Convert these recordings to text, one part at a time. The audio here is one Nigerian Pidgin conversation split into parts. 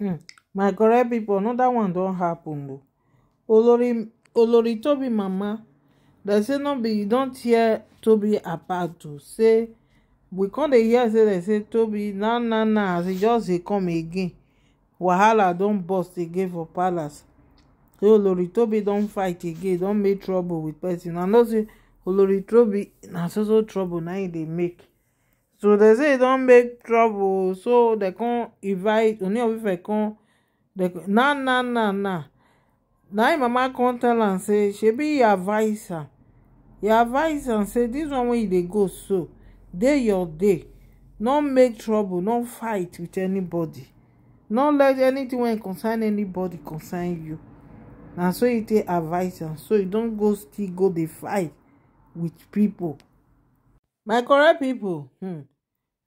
um my correct pipo anoda one don't happen o olori olori Toby mama they say no be you don tear tobi apart o say we come dey hear say dem say tobi na na na as e just dey come again wahala don't burst again for palace say olori Toby don't fight again Don't make trouble with person i know say olori Toby, na so so trouble na im e dey make so dey say e don make trouble oh. so dem come invite oni ofi fere come na na na na na im mama come tell am say shebi e advise am e advise am say dis one wey you dey go so dey your day no make trouble no fight with anybody no let anything wey concern anybody concern you na so you take advise am so you don go still go dey fight with pipo by correct pipo.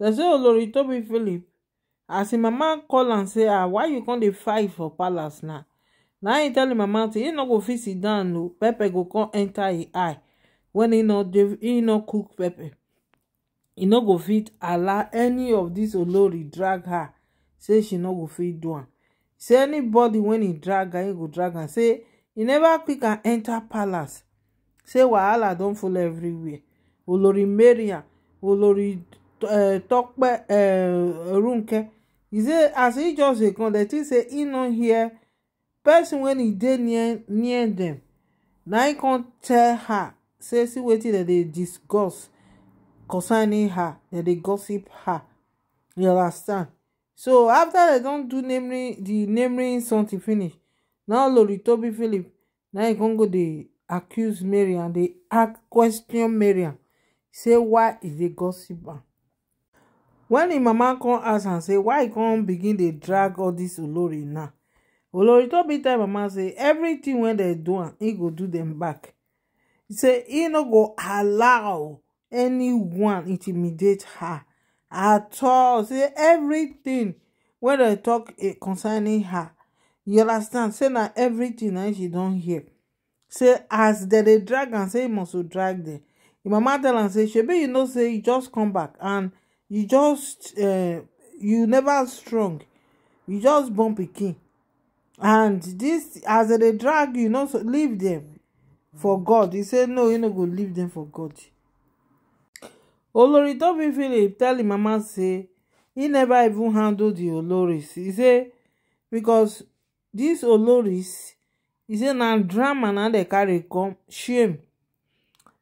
dem say olori tobi philip as his mama call and say ah why you come dey fight for palace now Now he tell im mama say im no go fit sit down o pepper go come enter im eye When he no he no cook Pepe. He no go fit allow any of this olori drag her say she no go fit do am say anybody when he drag her e go drag am say he never quick and enter palace say Allah don't fall everywhere olori Maria, olori uh, Tokpe eh, Runke. He say as he just dey come, the thing say he no hear person when he dey near near them. Na he come tell her say see wetin dem dey discuss concerning her, dem dey gossip her. You understand? So after dem don do naming the naming something finish, now Oloritobi Philip na he come go dey accuse Mariam, dey ask question Mariam say why e dey gossip am. When im mama come ask am say why e come begin dey drag all this olori now olori tobi tell mama say everything wey dem do am e go do dem back He say "He no go allow anyone intimidate her at all say everything wey dem talk eh, concerning her you understand say na everything na she don hear say as dem dey drag am say e must to drag dem im mama tell am say shebi you know say e just come back and you just uh, you never strong you just born pikin and this as dem dey drag you no leave them, for god He say no you no go leave them for god olori tobi philip tell im mama say he never even handle the oloris He say because this oloris he say na drama na dey carry come shame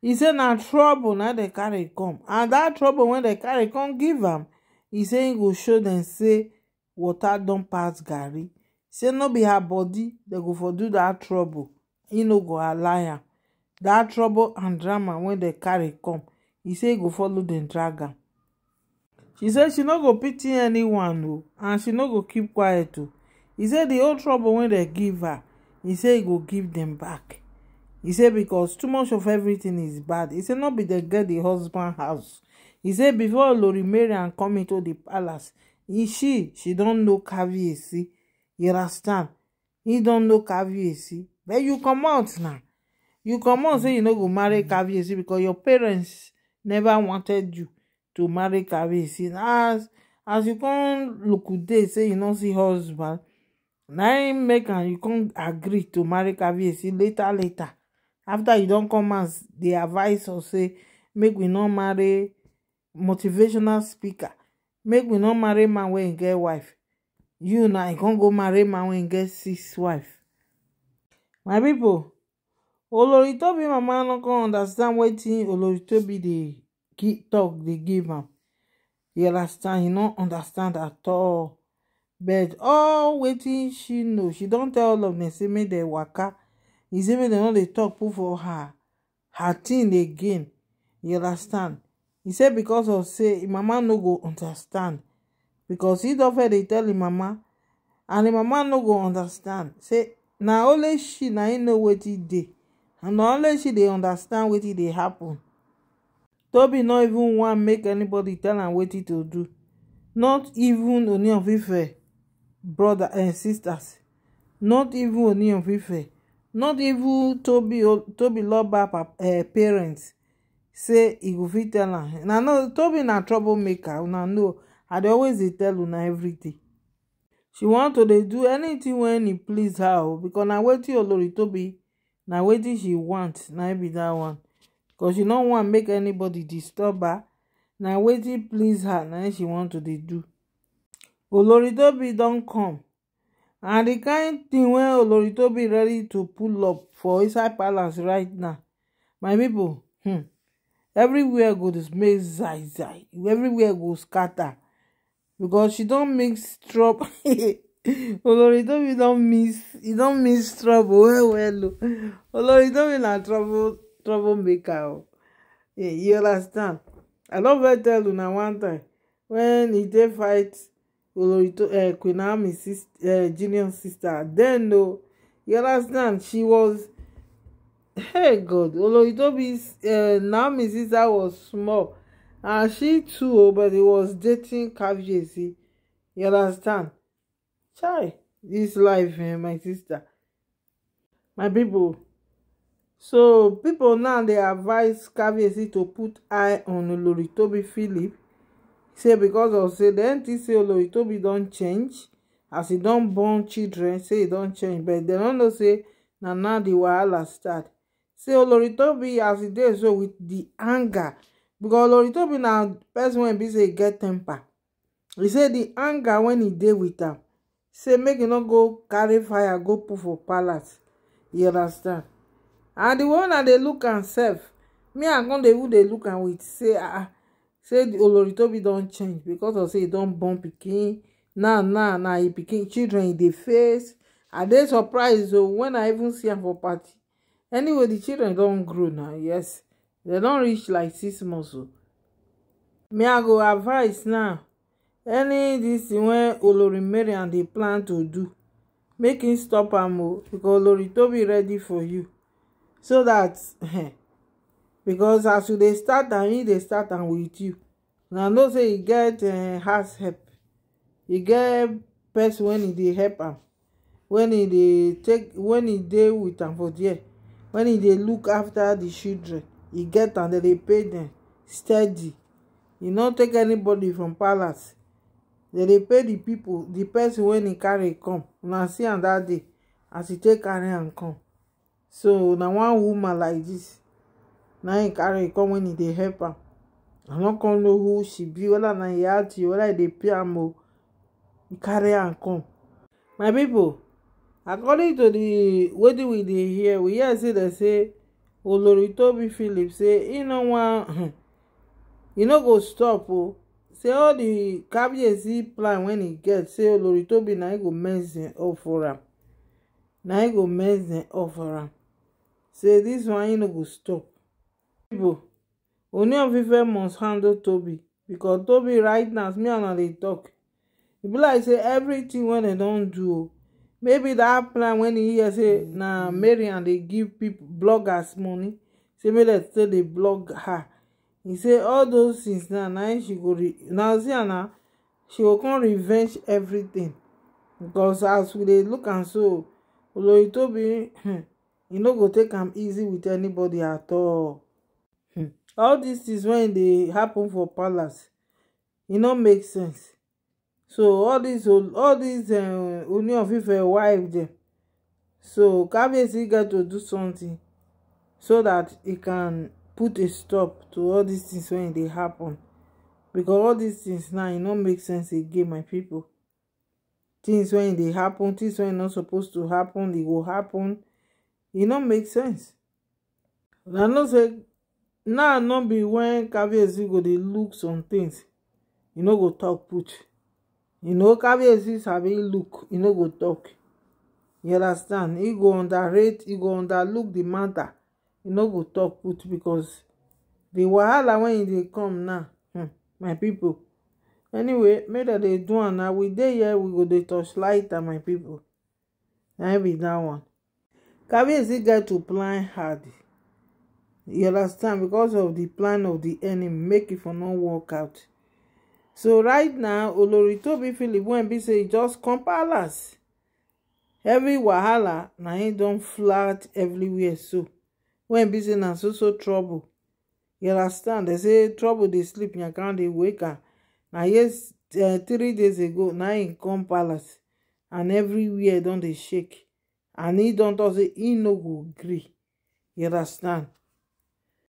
He say na trouble na dem carry come and that trouble when dem carry come give am He say he go show them say water don't pass garri say no be her body they go for do that trouble He no go a liar. That trouble and drama when dem carry come He say e go follow the dragon. she say she no go pity anyone o oh, and she no go keep quiet o oh. e say the old trouble when they give her He say he go give them back he said because too much of everything is bad he said not be the girl the husband house He said before Lori marian come into the palace she she don't know caviarcy you understand He don't know caviarcy but you come out now, you come out say you no go marry caviarcy because your parents never wanted you to marry caviarcy as as you come look today say you no see husband Now im make and you can't agree to marry caviarcy later later after you don't come out dey advise or say make we not marry motivational speaker make we not marry man when him e get wife you now you can't go marry man when him e get six wife my people, pipo oloritobi mama no con understand what thing be the dey talk dey give him. you understand he no understand at all but all waiting she know she don't tell all of dem say make dem waka e say make dem no dey tok put for her her tin again you understand e say becos of say im mama no go understand becos don doctor dey tell im mama and im mama no go understand say na only she na im know wetin dey and na only she dey understand wetin dey happen. tobi no even wan make anybody tell am wetin to do not even oni ofife broda eh, sisters not even oni ife not even Toby tobi tobiloba parents eh, say he go fit tell am na no Toby na troublemaker una know i dey always dey tell una everything she want to dey do anything when he please her o becos na your olori tobi na wetin she want na e be that one becos she no want make anybody disturb her na wetin please her na e she want to dey do olori tobi don't come and the kind thing when Olorito be ready to pull up for inside palace right now my people. hmm everywhere go dismay zai zai everywhere go scatter because she don't mix trouble Olorito, oloritobi don't miss. He don't miss trouble well well o oloritobi na trouble trouble maker o you understand i love don tell you now one time when he did fight Olorito, to uh, eh, Queen Naomi's sis uh, eh, junior sister then o you understand she was hey God olori tobi's uh, eh, Naomi's sister was small and she too o oh, but it was dating Kabiyesi you understand chai this life eh, my sister my people so people now they advise Kabiyesi to put eye on olori tobi Philip say because of say di ntc oloitobi don change as e don born children say e don change but dem no know say na now di wahala start say oloritobi oh, as e dey so wit di anger because oloritobi na person wey be say e get temper e say di anger wen e dey with am say make e no go carry fire go put for palace you understand and the one na dey look am sef me I com dey who dey look am with say ah, ah say oloritobi don change because of say e don born pikin now now na e pikin children e dey face i dey surprised o oh, wen i even see am for party anyway the children don grow now yes they don reach like six months o oh. me i go advise now any this thing wey olori mariam dey plan to do make him stop am o oh, because olori tobi ready for you so that. Eh, because as you dey start and he they start and with you now no say he get has eh, help He get person wen e dey help him. When he dey take when he dey with am for there when he dey look after the children he get and they pay them steady He not take anybody from palace They dey pay the people, the person when he carry come Now see am dat day as he take carry and come so now one woman like this. na him carry e come wen e dey help am i no come know who she be whether na e aunty whether e dey pay am o e carry am come my pipo according to di wetin we dey hear we hear say dem say oloritobi philip say e no wan e no go stop o say all di kabiyesi plan wen e get say oloritobi na e go mess dem up for am na e go mess dem up for am say dis one e no go stop People, Ooni of Ife must handle Toby because Toby right now me and her dey talk e be like say everything wey dem don do maybe that plan when e hear say na and dey give people bloggers money say make dem still dey blog her e say all those things na na she go re na see am na she go come revenge everything because as we dey look am so Olori Toby, hmm, e no go take am easy with anybody at all all dis tins when they happen for palace e no make sense so all these dis eh, oni of ife wife dem so kabiyesi get to do something so that e can put a stop to all dis tins wey dey happen because all these things now e no make sense again my pipo tins wey dey happen tins wey no suppose to happen e go happen e no make sense una know say now no be when caviezi go they look some things e no go talk put you know have sabi look e no go talk you understand He go underrate he go underlook the matter e no go talk put because di wahala wey e dey come now hmm, my people. anyway make they do am na we day here we go they touch light am my people. na be dat one caviezi get to plan hard you understand because of the plan of the enemy make it for no work out so right now olori tobi philip wen say e just come palace every wahala na him don flat everywhere so wen be say na so so trouble you understand They say trouble dey sleep yankan dey wake am na yes eh, three days ago na him come palace and everywhere don dey shake and he don tok say he no go gree you understand